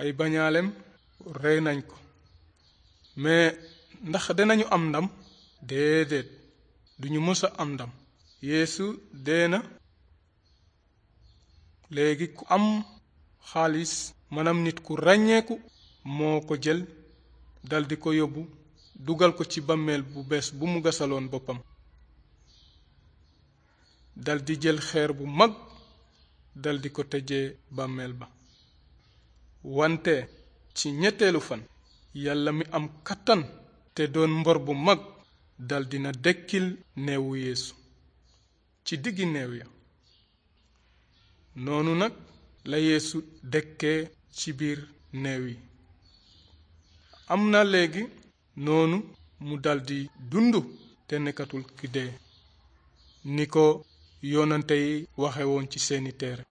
ay bañaalem rey nañ ko mais ndax dinañu am ndam déedéet duñu mës a am ndam yeesu dee na léegi ku am xaalis maanaam nit ku ràññeeku moo ko jël daldi ko yóbbu dugal ko ci bàmmeel bu bees bu mu gasaloon boppam daldi jël xeer bu mag daldi ko tëjee bàmmeel ba wante ci ñetteelu fan yàlla mi am kattan te doon mbor bu mag daldi na dekkil neewu yeesu ci diggi neew ya noonu nag la yéesu dekkee ci biir neew yi am na léegi noonu mu daldi dund te nekkatul ki dee ni ko yoonante yi waxe woon ci seeni téere